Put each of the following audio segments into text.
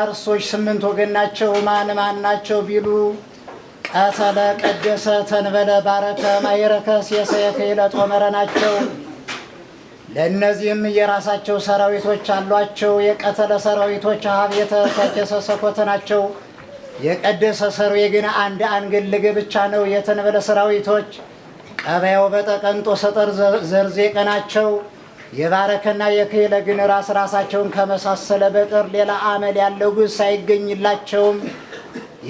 አርሶች ስምንት ወገን ናቸው። ማን ማን ናቸው ቢሉ ቀተለ፣ ቀደሰ፣ ተንበለ፣ ባረከ፣ ማይረከስ፣ የሰየከይለ፣ ጦመረ ናቸው። ለእነዚህም የራሳቸው ሰራዊቶች አሏቸው። የቀተለ ሰራዊቶች ሀብየተ፣ ተኬሰ፣ ሰኮተ ናቸው። የቀደሰ ሰሩ ግን አንድ አንግልግ ብቻ ነው። የተንበለ ሰራዊቶች ቀበያው፣ በጠቀንጦ፣ ሰጠር፣ ዘርዜቀ ናቸው። የባረከና የክህለ ግን ራስ ራሳቸውን ከመሳሰለ በቀር ሌላ አመል ያለው ግስ አይገኝላቸውም።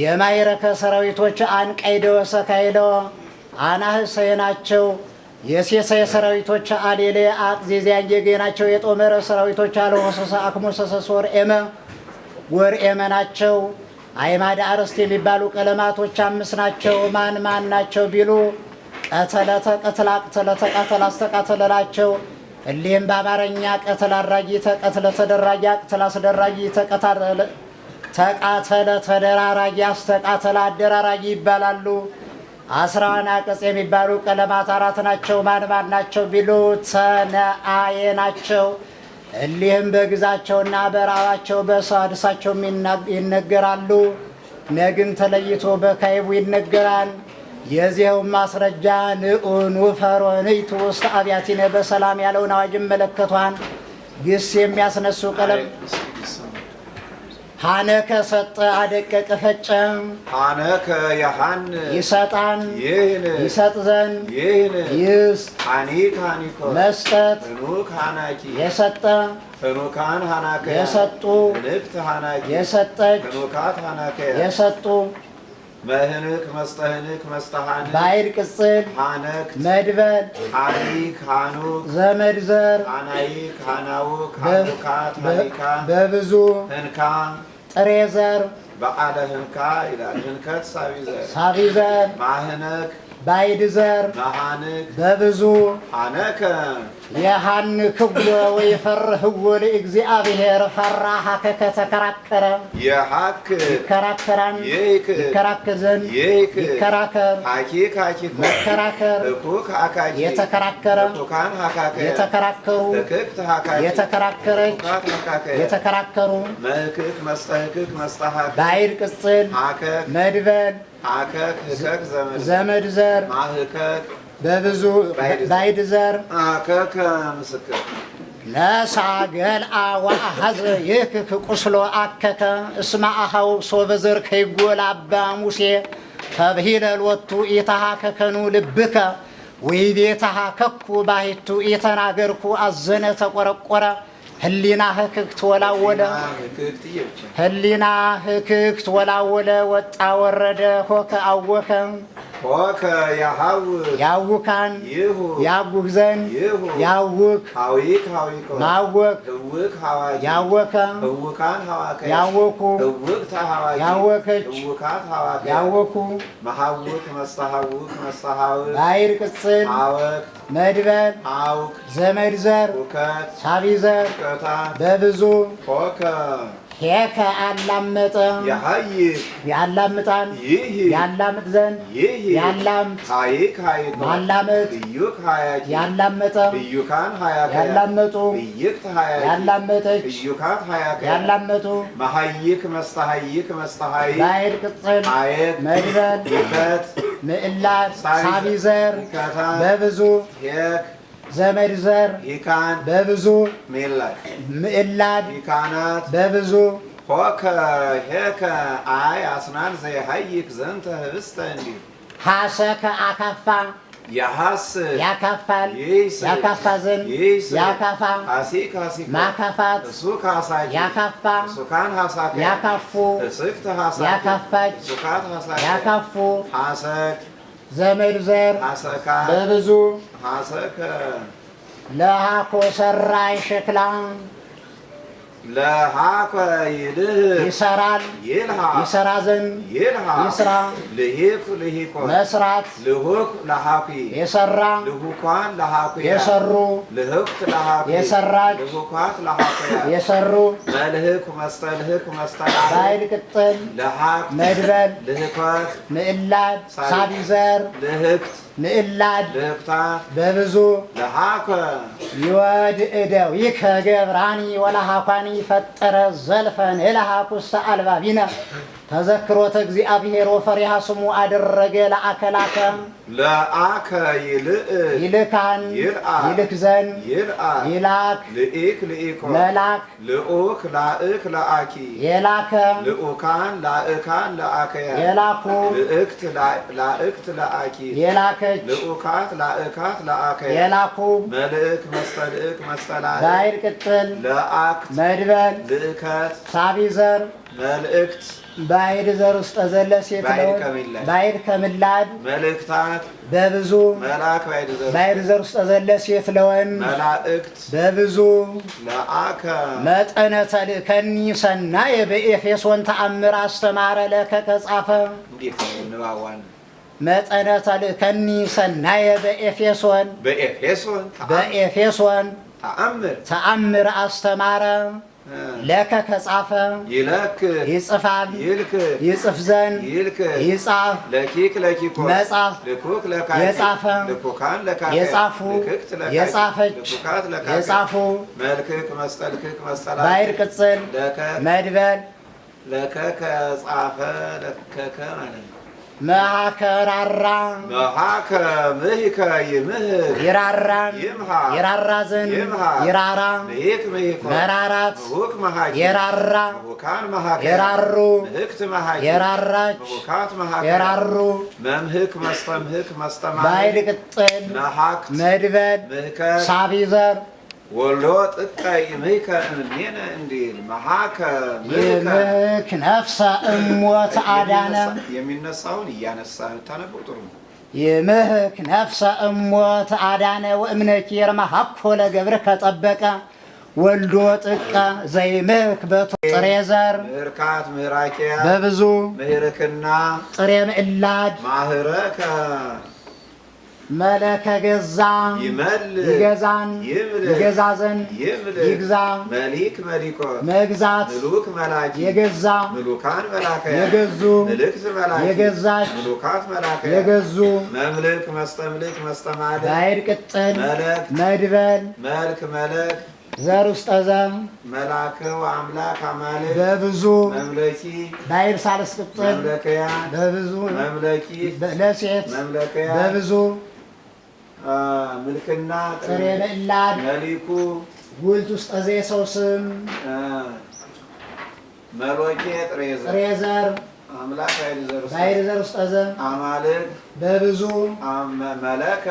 የማይረከ ሰራዊቶች አንቀይደወ ሰካይለወ አናህሰይ ናቸው። የሴሳይ ሰራዊቶች አሌሌ አቅዜዚያን ጌጌ ናቸው። የጦመረ ሰራዊቶች አለሆሰሰ አክሞሰሰስ ወርኤመ ኤመ ናቸው። አይማድ አርስት የሚባሉ ቀለማቶች አምስት ናቸው። ማን ማን ናቸው ቢሉ ቀተለተ ቀትላቅተለተ ቀተላስተቃተለላቸው እሊህም በአማርኛ ቀትል አድራጊ ተቀትለ ተደራጊ አቅትል አስደራጊ ተቃተለ ተደራራጊ አስተቃተለ አደራራጊ ይባላሉ። አስራዋን አቅጽ የሚባሉ ቀለማት አራት ናቸው። ማን ማን ናቸው ቢሉ ተነአዬ ናቸው። እሊህም በግዛቸውና በራባቸው በሳድሳቸውም ይነገራሉ። ነግን ተለይቶ በካይቡ ይነገራል። የዚያው ማስረጃ ንኡኑ ፈሮንይቱ ውስጥ አብያቲነ በሰላም ያለውን አዋጅ መለከቷን ግስ የሚያስነሱ ቀለም ሀነከ ሰጠ አደቀቀ ፈጨም ሀነከ የሀን ይሰጣን ይህን ይሰጥ ዘን ይህን ይስ ሀኒክ ሀኒኮ መስጠት ህኑክ ሀናኪ የሰጠ ህኑካን ሀናከ የሰጡ ንክት ሀናኪ የሰጠች ህኑካት ሀናከ የሰጡ መህንክ መስተህንክ መስተሃንክ ባይር ቅጽል ሃነክ መድበል ሃኒክ ሃኑክ ዘር ሃናይክ ሃናውክ ሃኑካት ሃኒካ በብዙ ህንካ ጥሬ ዘር በዓለ ህንካ ይላል። ህንከት ሳቢ ዘር ሳቢ ዘር ማህነክ ባይድዘር በብዙ የሃንክዎ ወይፈርህዎ ለእግዚአብሔር ፈራሃ ከተከራከረ ይከራከራን ይከራከር ዘንድ ይከራከር መከራከር የተከራከረ የተከራከሩ የተከራከረች የተከራከሩ ባይድ ቅጽል መድበል ዘመድ ዘር በብዙ ባይድ ዘር ነሳ ገልአ ይህክክ ቁስሎ አከከ እስመ አኀው ሶበዘር ከይጎል አባ ሙሴ ተብሂለ ሎቱ ኢተሃከከኑ ልብከ ወይቤተሃከኩ ባሂቱ ኢተናገርኩ አዘነ ተቆረቆረ ህሊና ህክክት ወላወለ ህሊና ህክክት ወላወለ ወጣ ወረደ ሆከ አወከ ኮከ ያሃውክ ያውካን ያውክ ዘንድ ያውክ ሀዊክ ማወክ እውክ ሀዋቂ ያወከ እውካን ያወኩ ሀዋቂ ያወከች እውካት ያወኩ ባይር ቅጽል አወክ መድበር አውክ ዘመድ ዘር ውከት ሳቢ ዘር በብዙ ኮከ ሄከ አላመጠ ያላምጣን ያላምጥ ዘንድ ያላምጥ ማላመጥ ያላመጠ ያላመጡ ያላመጠች ያላመጡ መሀይክ መስተሀይክ መስተሀይክ ላይድ ቅጽል መድበል ምዕላት ሳቢዘር በብዙ ዘመድ ዘር ይካን በብዙ ምዕላድ ይካናት በብዙ ሆከ ሄከ አይ አስናን ዘይሀይክ ዘንተ ህብስተ እንዲሁ ሀሰ ከአካፋ ያሀስ ያካፋል ያካፋ ዘንድ ያካፋ ማካፋት ያካፋ ያካፉ ያካፋች ያካፉ ሀሰክ ዘመድ ዘር በብዙ ለሃኮ ሰራይ ሸክላ ይሰራል ይሰራ ዘንድ ይስራ መስራት የሰራ የሰሩ የሰራች የሰሩ ባይል ቅጥል መድበል ምዕላድ ሳቢዘር ንዕላድ በብዙ ይወድእደው ይከገብራኒ ወላሃኳኒ فطر زلفا الى حقس البابينا ተዘክሮተ እግዚአብሔር ወፈሪሃ ስሙ አደረገ ለአከላከ ለአከ ይልእ ይልካን ይልክ ዘን ይላክ ልኢክ ልኢኮ ለላክ ልኡክ ላእክ ለአኪ የላከ ልኡካን ላእካን ለአከያ የላኩ ልእክት ላእክት ለአኪ የላከች ልኡካት ላእካት ለአከያ የላኩ መልእክ መስተልእክ መስተላእክ ባይር ቅጥል ለአክት መድበል ልእከት ሳቢዘር መልእክት ባይድ ዘር ውስጥ ዘለ ሴት ነው። ባይድ ከምላድ መልእክታት በብዙ መልአክ ባይድ ዘር ውስጥ ዘለ ሴት ለወን መልአክት በብዙ ለአከ መጠነ ተልከኒ ሰናየ በኤፌሶን ተአምር አስተማረ ለከ ተጻፈ መጠነ ተልከኒ ሰናየ በኤፌሶን በኤፌሶን በኤፌሶን ተአምር ተአምር አስተማረ ለከ ከጻፈ ይለክ ይጽፋል ይልክ ይጽፍ ዘን ይልክ ይጻፍ ለኪክ ለኪኮ መጻፍ ልኩክ ለካ የጻፈ ልኩካን ለካ የጻፉ የጻፈች የጻፉ መልክክ መስጠልክክ መስጠላ ባይር ቅጽል መድበል ለከ ከጻፈ ለከከ ማለት ነው። መሃከራራ መሃከ ምህከ ይምህር ይራራን ይራራ ዘንድ ይራራ መራራት ይራራች የራሩ የራራች ይራሩ መምህክ መስተምህክ መስተማ ባይል ቅጥል መድበል ሳቢዘር ወልዶ ጥቀ ይምህከ እምኔነ እንዲል መሀከ ይምህክ ነፍሰ እሞት አዳነ የሚነሳውን እያነሳህ ታነበው ጥሩ ነው። ይምህክ ነፍሰ እሞት አዳነ ወእምነኪ የርማሃኮ ለገብር ከጠበቀ ወልዶ ጥቀ ዘይምህክ በቶ ጥሬ ዘር ምህርካት ምህራኪያ በብዙ ምህርክና ጥሬ ምዕላድ ማህረከ መለከ ገዛ ይመል ይገዛን ይገዛ ዘንድ ይግዛ መሊክ መሊኮ መግዛት ምሉክ መላኪ የገዛ ምሉካን መላከ የገዙ ምልክት መላኪ የገዛች ምሉካት መላከ የገዙ መምልክ መስተምልክ መስተማደ ባይድ ቅጥል መለክ መድበል መልክ መለክ ዘር ውስጥ ዘም መላከው አምላክ አማልክ በብዙ መምለኪ ባይር ሳልስ ቅጥል መምለከያ በብዙ መምለኪ ለሴት መምለከያ በብዙ ምልክና ጥሬ መሊኩ ውስጠ ስም መሎኬ ጥሬ ዘር አምላክ ዘር ውስጠ አማልክ በብዙ መለከ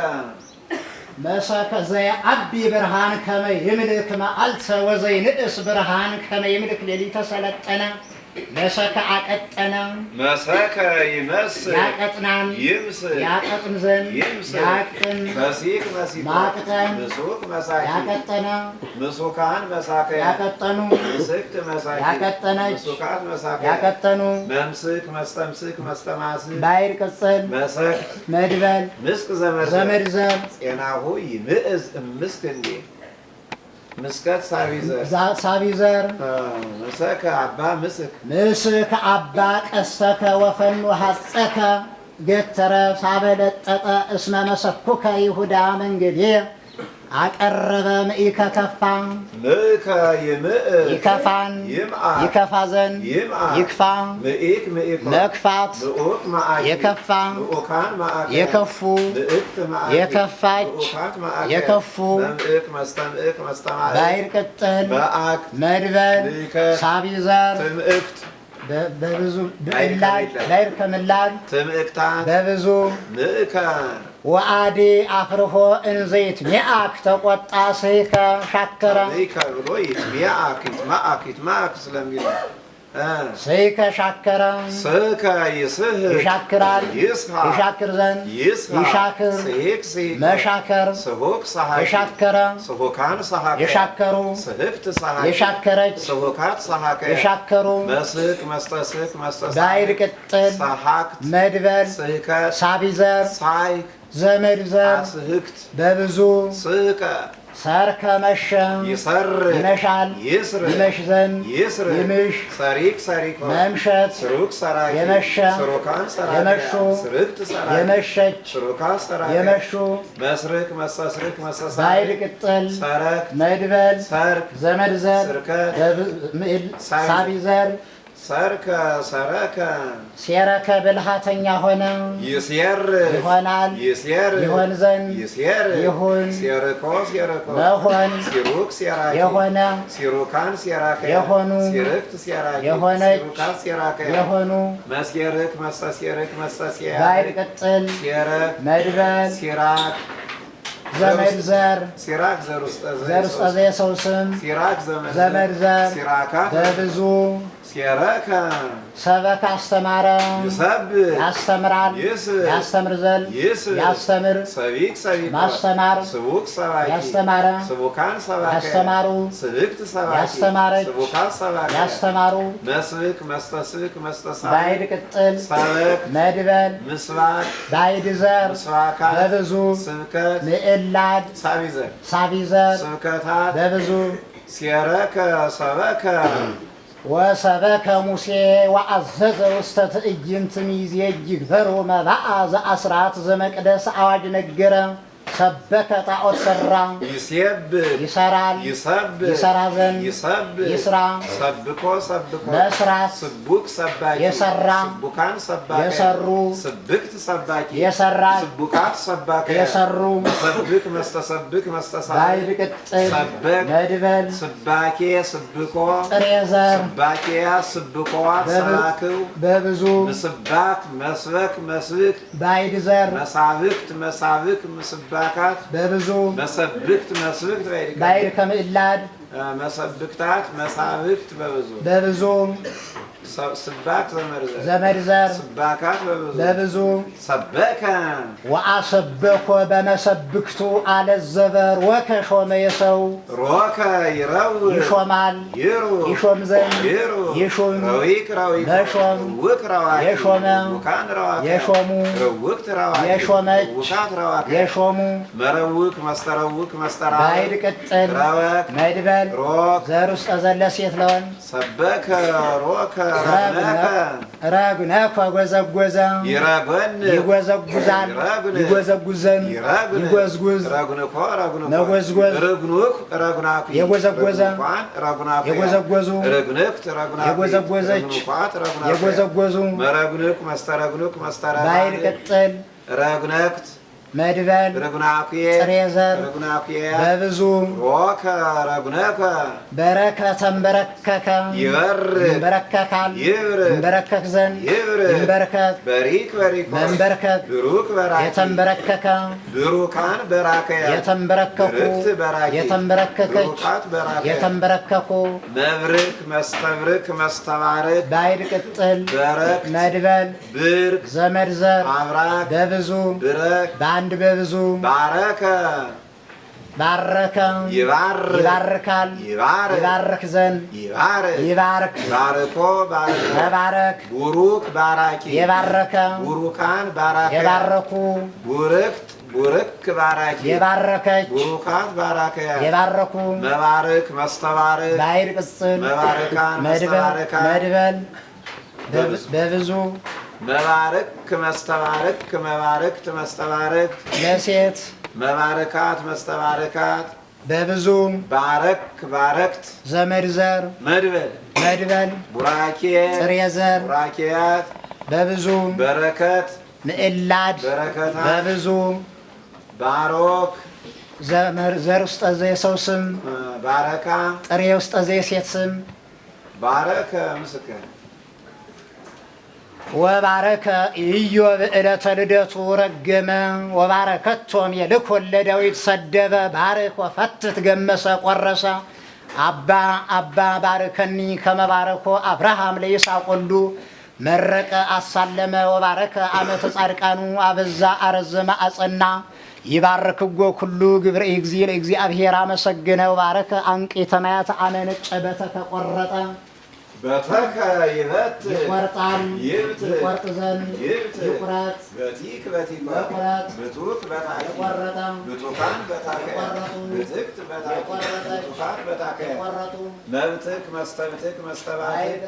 ብርሃን ከመ ይምልክ መዓልተ ብርሃን ከመ ይምልክ ሌሊተ ሰለጠነ መሰከ አቀጠነ መሰከ ይመስል ያቀጥናል ይምስል ያቀጥን ዘንድ ይምስል ያቅጥን መሲክ መሲክ ማቅጠን ምሱክ መሳኪ ያቀጠነ ምሱካን መሳከ ያቀጠኑ ምስክት መሳኪ ያቀጠነች ምሱካት መሳከ ያቀጠኑ መምስክ መስተምስክ መስተማስክ ባይር ቅጽል መሰክ መድበል ምስክ ዘመድ ዘመድ ዘም ጤናሁ ይምእዝ እምስክ እንዴ ምስከት ሳቢዘር ሳቢዘር ምሰከ አባ ምስክ ምስክ አባ ቀሰከ ወፈኑ ሀፀከ ገተረ ሳበለጠጠ እስመ መሰኩከ ይሁዳ መንገዴ አቀረበ ምኢከ ከፋ ምእከ ይምእ ይከፋን ይከፋ ዘንድ ይክፋ መክፋት የከፋ የከፉ የከፋች የከፉ ባይር ቅጥል መድበል ሳቢዘር በብዙ ላይር ከምላል ትምእክታ በብዙ ምእከ ወአዲ አፍርሆ እንዘይት ሚአክ ተቆጣ ስይከ ሻከረ ይከ ብሎ ሚአክ ይትማአክ ይትማአክ ስለሚል ስከሻከረ ስከ ይስህ ይሻክራል ይስሃ ይሻክር ዘንድ ይሻክር መሻከር ስሆክ ሰሐይ የሻከረ ስሆካን ሰሐይ የሻከሩ ስህብት ሰሐይ የሻከረች ስሆካት ሰሐይ የሻከሩ መስክ መስተስክ መስተስ ዳይር ቅጥል ሰሐክት መድበል ስከ ሳቢዘር ሳይክ ዘመድዘር ስህክት በብዙ ስከ ሰር ከመሸ ይሰር ይመሻል ይስር ይመሽ ዘንድ ይስር ይምሽ ሰሪክ ሰሪክ መምሸት ስሩክ ሰራኪ የመሸ ስሩካን ሰራኪ የመሹ ስርክት ሰራኪ የመሸች ስሩካ ሰራኪ የመሹ መስርክ መሰስርክ መሰሳ ባይድ ቅጥል ሰረክ መድበል ሰርክ ዘመድ ዘር ስርከት ሳቢዘር ሰርከ ሰረከ ሴረከ ብልሃተኛ ሆነ ይሴር ይሆናል ይሴር ይሆን ዘንድ ይሴር ይሁን ሴርኮ ሴርኮ መሆን ሲሩክ ሴራኪ የሆነ ሲሩካን ሴራከ የሆኑ ሲርክት ሴራኪ የሆነች ሲሩካን ሴራከ የሆኑ መስየርክ መሰሴርክ መሰሴራ ባይድ ቅጥል ሴረ መድረክ ሲራክ ዘመድ ዘር ሲራክ ዘር ውስጠ ዘር ውስጠ ዘ የሰው ስም ሲራክ ዘመድ ዘር ሲራካ በብዙ ሴረከ ሰበከ አስተማረ ይሰብክ ያስተምራል ያስተምር ዘንድ ያስተምር ሰቢክ ሰቢካ ማስተማር ስቡክ ሰባኪ ያስተማረ ስቡካን ሰባኪ ያስተማሩ ስብክት ሰባኪ ያስተማረች ስቡካን ሰባኪ ያስተማሩ መስብክ መስተስብክ መስተሳብክ ባይድ ቅጥል ሰበክ መድበል ምስባክ ባይድ ዘር ምስባካ በብዙ ስብከት ምዕላድ ሳቢዘር ሳቢዘር ስብከታት በብዙ ሴረከ ሰበከ ወሰበከ ሙሴ ወአዘዘ ውስተ ትዕይንት ሚዜ እጅግ በሮ መባአ ዘአስራት ዘመቅደስ አዋጅ ነገረ ሰበከ ጣዖት ሰራ ይሴብ ይሰራል ይሰብ ይሰራ ዘንድ ይሰብ ይስራ ሰብኮ ሰብኮ መስራት ስቡቅ ሰባኪ የሰራ ስቡቃን ሰባኪ የሰሩ ስብክት ሰባኪ የሰራ ስቡቃት ሰባኪ የሰሩ ሰብክ መስተሰብክ መስተሳብ ባይድ ቅጥል ሰበክ መድበል ስባኬ ስብኮ ጥሬ ዘር ስባኬያ ስብኮ ሰባክው በብዙ ምስባክ መስበክ መስብክ ባይድ ዘር መሳብክት መሳብክ ምስባ በአካት በብዙ መሰብክት መስብክት ባይድ ከምእላድ መሰብክታት መሳብክት በብዙ በብዙ ዘመድ ዘር በብዙ ወአሰበኮ በመሰብክቱ አለዘበር ወከሾመ የሰው ይሾማል ይሾም ዘንድ ይሹም መሾም የሾመ የሾሙ የሾመች የሾሙ ባይድ ቅጥል መድበል ዘር ውስጠ ዘለ ሴት ለወን ረግነህ ጎዘጎዘ ይጎዘጉዛል ይጎዘጉዘን ይጎዝጉዝ ነጎዝጎዝ የጎዘጎዘ የጎዘጎዙ የጎዘጎዘች የጎዘጎዙ ባይል ቅጥል ረግነክት መድበል ጥሬዘር በብዙ በረከተን በረከከ ይንበረከካል ይንበረከክ ዘንድ ይንበርከክ መንበርከክ የተንበረከከ የተንበረከኩ የተንበረከከች የተንበረከኩ መብርክ መስተብርክ መስተባርክ ባይድ ቅጥል መድበል ብርክ ዘመድዘር በብዙ በአንድ በብዙ ባረከ ባረከ ይባርካል ይባርክ ዘንድ ይባርክ ባርኮ መባረክ ቡሩክ ባራኪ የባረከ ቡሩካን ባራኪ የባረኩ ቡርክት ቡርክ ባራኪ የባረከች ቡሩካት ባራከያ የባረኩ መባረክ መስተባረክ ባይር ቅጽል መባረካን መድበል በብዙ መባረክ መስተባረክ መባረክት መስተባረክ ለሴት መባረካት መስተባረካት በብዙ ባረክ ባረክት ዘመድ ዘር መድበል መድበል ቡራኬ ጥሬ ዘር ቡራኬያት በብዙ በረከት ምዕላድ በረከታት በብዙ ባሮክ ዘር ውስጠ ዘየሰው ስም ባረካ ጥሬ ውስጠ የሴት ስም ባረከ ምስክር ወባረከ ኢዮብ ዕለተ ልደቱ ረገመ ወባረከቶም የልክ ወለዳዊት ሰደበ ባርክ ወፈትት ገመሰ ቆረሰ አባ አባ ባርከኒ ከመባረኮ አብርሃም ለይስሐቅ ሁሉ መረቀ አሳለመ ወባረከ አመተ ጻድቃኑ አበዛ አረዘመ አጸና ይባርክጎ ኩሉ ግብረ እግዚእ ለእግዚአብሔር አመሰግነ ወባረከ አንቄ ተማያት አመነጨ በተተቆረጠ በተከ ይበት ይቆርጣል ይቆርጥ ዘንድ ይቁረጥ በቲክ በቲቁረጥ ብቱክ በታ የቆረጠ ብቱካን በታየቆረጡ ብትክት በታቆረጠቱካን በታከ የቆረጡ መብትክ መስተብትክ መስተባትክ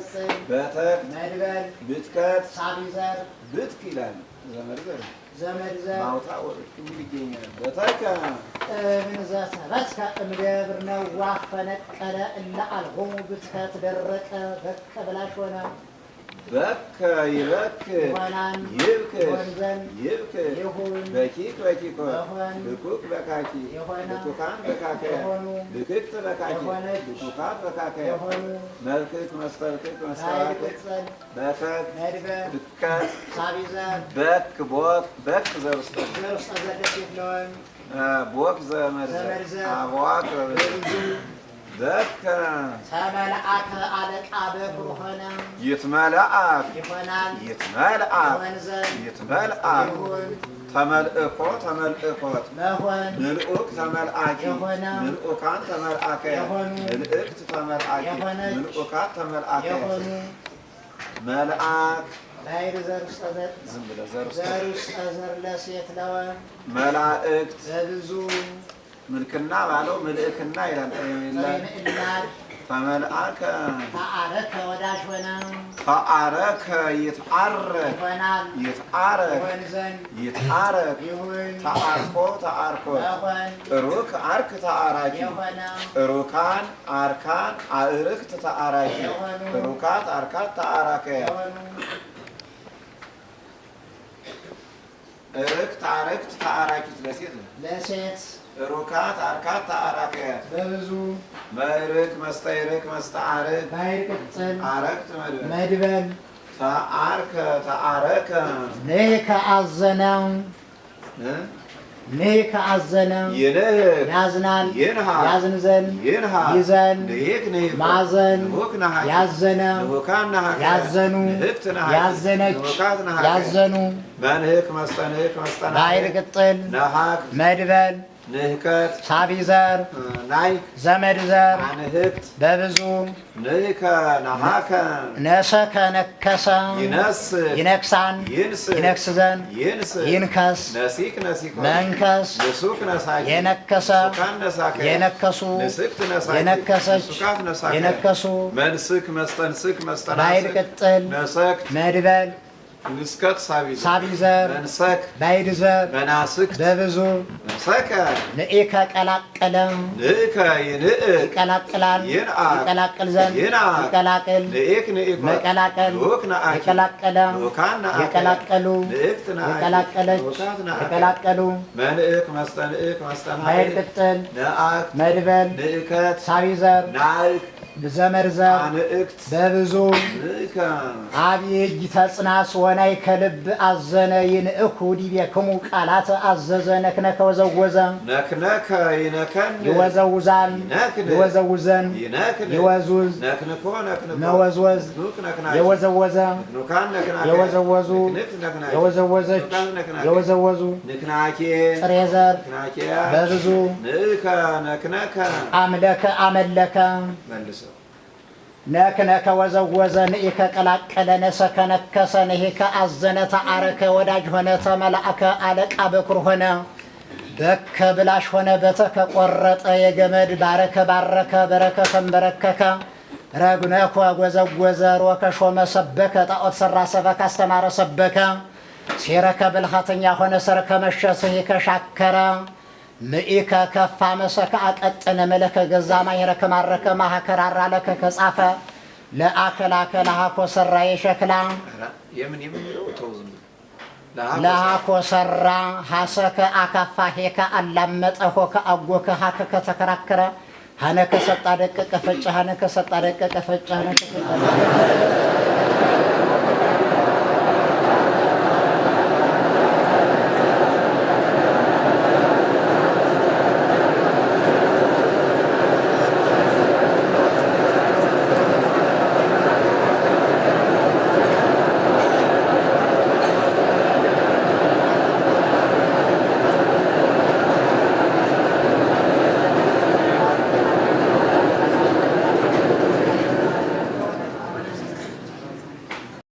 በተክ መድበል ብትከት ሳቢዘር ብትክ ይላል ዘመድበር ዘመድ ምንዘ ሰበትከ እምደብር ነዋህ ፈነቀለ እለ በከ ይበክር ይብክር ይብክር በኪክ በኪኮ ብኩክ በካኪ ብቱካን በካከያ ብክክት በካኪ ብቱካት በካከያ መልክት መስተርክት መስተዋክት በከት ብከት በክ ቦክ በክ ዘርስጠ ቦክ ዘመርዘ አቧክ በከ ተመልአከ አለቃ በኩር ሆነ ይትመልአክ ይሆናል ይትመልአክ ይትመልአክ ተመልእኮ ተመልእኮት መሆን ምልኡክ ተመልአኪ የሆነ ምልኡካን ተመልአከ የሆኑ ምልእክት ተመልአኪ የሆነች ምልኡካት ተመልአከ የሆኑ መልአክ ባይር ዘርውስጠ ዘር ለሴት ለወ መላእክት በብዙ ምልክና ባለው ምልእክና ይላል። ተመልአከ ተአረከ ወዳጅ ሆነ ተአረከ ይትአረክ ይትአረክ ይትአረክ ተአርኮ ተአርኮ እሩክ አርክ ተአራኪ እሩካን አርካን አእርክት ተአራኪ እሩካት አርካት ተአራከ እርክት አረክት ተአራኪት ለሴት ለሴት ሩካት አርካት ተአራቀ በብዙ መርቅ መስተይርቅ መስተአርቅ ባይርቅ ቅጽል አረቅት መድበል መድበል ተአርከ ተአረከ ንህ ከአዘነው ንህ ከአዘነው ይንህ ያዝናል ያዝን ዘን ይዘን ማዘን ያዘነ ያዘኑ ያዘነች ያዘኑ መንህክ መስተንህክ መስተናይር ቅጥል መድበል ንህከት ሳቢ ዘር ናይ ዘመድ ዘር አንህት በብዙ ንህከ ናሃከ ነሰከ ነከሰ ይነስ ይነክሳን ይንስ ይነክስ ዘን ይንስ ይንከስ ነሲክ ነሲክ መንከስ ንሱክ ነሳይ የነከሰ የነከሱ የነከሰች የነከሱ መንስክ መስተንስክ መስተናስክ ባይድ ቅጥል ነሰክ መድበል ንስከት ሳቢዘር መንሰክ ባይድዘር መናስክ በብዙ መንሰከ ንእከ ቀላቀለም ንእከ ይንእ ይቀላቅላል ይንአ ይቀላቅል ዘንድ ይንአ ይቀላቅል ንእክ ንእክ መቀላቀል ንኡክ ንአኪ ይቀላቀለ ንኡካን ንአኪ ይቀላቀሉ ንእክት ንአኪ መንእክ መስተንእክ መስተናእክ ባይድ ቅጥል ንአክ መድበል ንእከት ሳቢዘር ናእክ ዘመርዛብ በብዙ አብይ እጅ ተጽናስ ወናይ ከልብ አዘነ ይንእኩ ዲቤክሙ ቃላት አዘዘ ነክነከ ወዘወዘ ይወዘውዛን ይወዘውዘን ይወዙዝ መወዝወዝ የወዘወዘ የወዘወዙ የወዘወዘች የወዘወዙ ጥሬ ዘር በብዙ አምለከ አመለከ ነክነከ ወዘወዘ ንኢከ ቀላቀለ ነሰከነከሰ ንሂከ አዘነ ተአረከ ወዳጅ ሆነ ተመላእከ አለቃ በኩር ሆነ በከ ብላሽ ሆነ በተከ ቆረጠ የገመድ ባረከ ባረከ በረከ ተንበረከከ ረግነኮ ጎዘጎዘ ሮከ ሾመ ሰበከ ጣዖት ሰራ ሰበከ አስተማረ ሰበከ ሴረከ ብልሃተኛ ሆነ ሰርከ መሸ ስሂከ ሻከረ ምኢከ ከፋ መሰከ አቀጠነ መለከ ገዛ ማይረከ ማረከ ማህከራራ ለከ ከጻፈ ለአከላከ ለሃኮ ሰራ የሸክላ ለሃኮ ሰራ ሀሰከ አካፋ ሄከ አላመጠ ሆከ አጎከ ሀከ ከተከራከረ ሀነከ ሰጣ ደቀቀ ፈጨ ሀነከ ሰጣ ደቀቀ ፈጨ ሀነከ ሰጣ ደቀቀ